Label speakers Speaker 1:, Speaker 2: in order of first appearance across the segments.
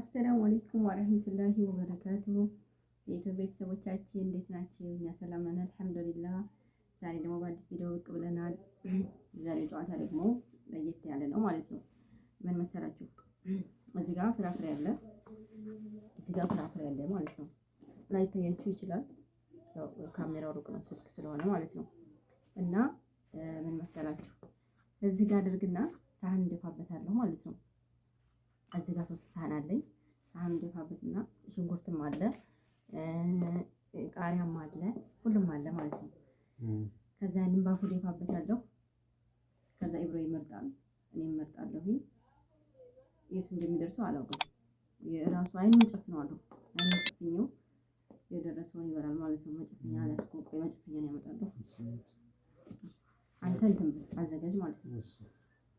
Speaker 1: አሰላሙ አለይኩም ወረህመቱላሂ ወበረካቱ። የኢትዮጵያ ቤተሰቦቻችን እንዴት ናቸው? እኛ ሰላም ነን አልሐምዱሊላህ። ዛሬ ደግሞ በአዲስ ቪዲዮ ብቅ ብለናል። ዛሬ ጨዋታ ደግሞ ለየት ያለ ነው ማለት ነው። ምን መሰላችሁ? እዚህ ጋር ፍራፍሬ አለ፣ እዚህ ጋር ፍራፍሬ አለ ማለት ነው። ላይታያችሁ ይችላል፣ ካሜራው ሩቅ ነው ስልክ ስለሆነ ማለት ነው። እና ምን መሰላችሁ? እዚህ ጋር አድርግና ሳህን እንደፋበታለሁ ማለት ነው። እዚህ ጋር ሶስት ሳህን አለኝ። ሳህን ደፋበትና ሽንኩርትም አለ፣ ቃሪያም አለ፣ ሁሉም አለ ማለት ነው። ከዛ ያንን ባፉ ደፋበታለሁ። ከዛ ኢብሮ ይመርጣል፣ እኔ እመርጣለሁ። የቱ እንደሚደርሰው አላውቅም። የራሱ አይኑን ጨፍነዋለሁ። አይኑን ጨፍኜው የደረሰውን ይበላል ማለት ነው። መጨፍኛ አላስቆቆ መጨፍኛን ያመጣለሁ። አንተ እንትን አዘጋጅ ማለት ነው።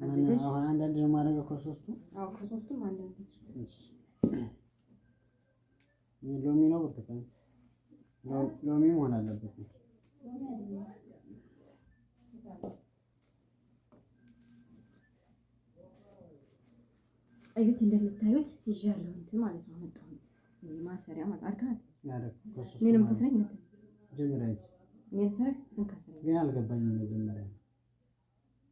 Speaker 2: አዘጋጅ። አሁን አንዳንድ ነው የማደርገው ከሶስቱ።
Speaker 1: ከሶስቱም አንዳንድ።
Speaker 2: ሎሚ ነው ብርቱካን፣ ሎሚ መሆን አለበት።
Speaker 1: እዩት፣ እንደምታዩት ይዣለሁ እንትን ማለት ነው። መጣሁ ማሰሪያ ማለት ምንም ከስረኝ
Speaker 2: መጀመሪያ ግን አልገባኝም መጀመሪያ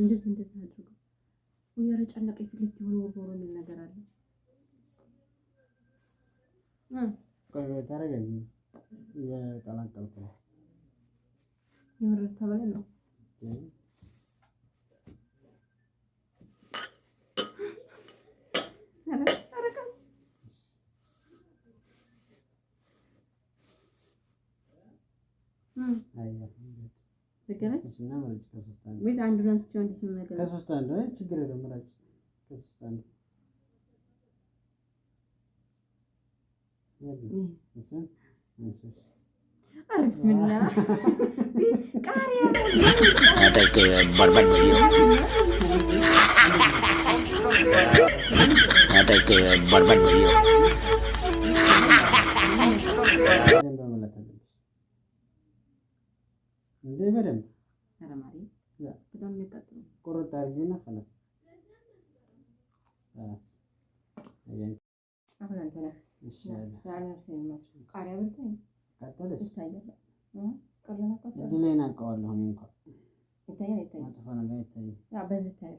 Speaker 1: እንደዚህ እንደዚህ አድርገው ወያረ ጨነቀ ፍልክ የሆነ ወርወሮ የሚል ነገር አለ።
Speaker 2: ተረጋጊ፣ እየቀላቀልኩ ነው።
Speaker 1: የምር ተበለ ነው
Speaker 2: የተመገበች
Speaker 1: ወይስ አንዱን አንስቼው እንዴት መገበች?
Speaker 2: ከሶስት አንዱ ችግር የለም ምራጭ። ከሶስት አንዱ ቃሪያ እንዴ በደንብ ቁርጥ አድርጊና ከላስ ድሌን አውቀዋለሁ እኔ
Speaker 1: እንኳን መጥፎ ነገር አይታይም።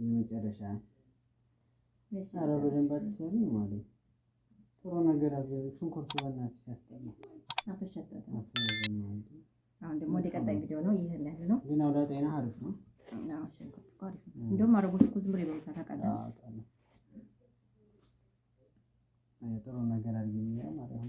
Speaker 2: የመጨረሻ ኧረ በደንብ አትሰሪ ማለት ጥሩ ነገር ሽንኩርቱ በእናትሽ ያስጠላል።
Speaker 1: አሁን ደግሞ ወደ ቀጣይ ቪዲዮ ነው። ይህ ያህል ነው
Speaker 2: ጤና አሪፍ ነው። አረቦች እኮ ዝም ጥሩ ነገር አድርጊ ማለት ነው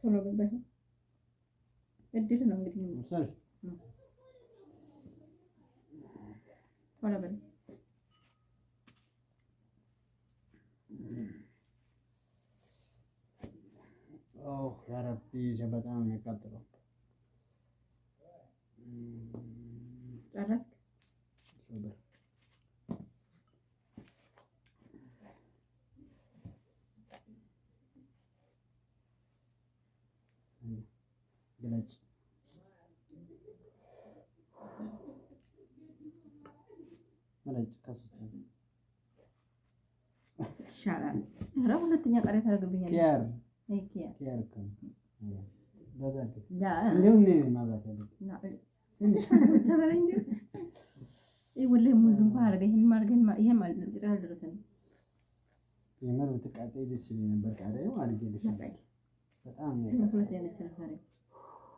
Speaker 1: ቶሎ በል እድል ነው እንግዲህ ቶሎ በል
Speaker 2: ያረቢ በጣም የሚያቃጥለው። ጨረስክ? ነች።
Speaker 1: ይሻላል። ኧረ ሁለተኛ ቃል ታደርግብኛለህ። ወላሂ ሙዝ እንኳን አድርገህ ይሄን ማድረግ ይሄ ማለት ነው። ጭቃ አልደረሰንም።
Speaker 2: የምር ብትቃጠይ ደስ ይለኝ ነበር። ቃሪያው አድርጌልሻለሁ በጣም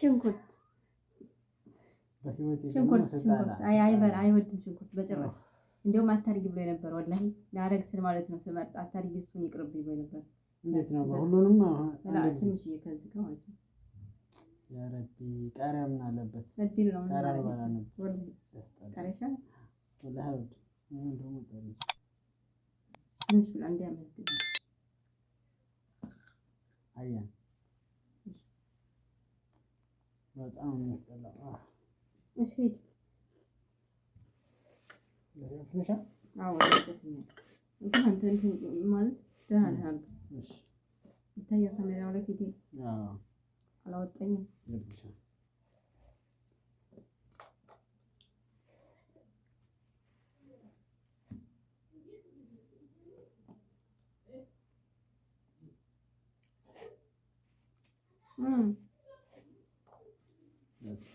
Speaker 1: ሽንኩርት ሽንኩርት ሽንኩርት አይበላ አይወድም ሽንኩርት በጭራሽ። እንዲሁም አታርጊ ብሎ ነበር። ወላሂ ላረግ ስል ማለት ነው ስመርጥ አታርጊ እሱን ይቅርብ ብሎ ነበር።
Speaker 2: እንዴት ነው በሁሉንም
Speaker 1: ትንሽ እየከዝ ማለት ነው።
Speaker 2: ያረቢ ቃሪያ ምን አለበት?
Speaker 1: እድል ነው ቃሪያ ባላ ነው ቃሪሻ
Speaker 2: ወላሂ ወድ ምን ደሞ ቃሪ
Speaker 1: ትንሽ ብላ እንዲያመልጥ
Speaker 2: አያ በጣም የሚያስጠላ
Speaker 1: ማለት ደህና ነህ አልኩ። ይታያ ካሜራው ላይ ፊቴ አላወጣኝም።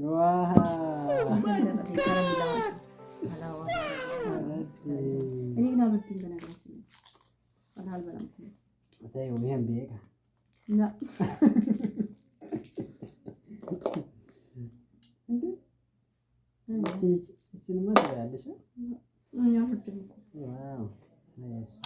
Speaker 2: እኔ ትበያለሽ?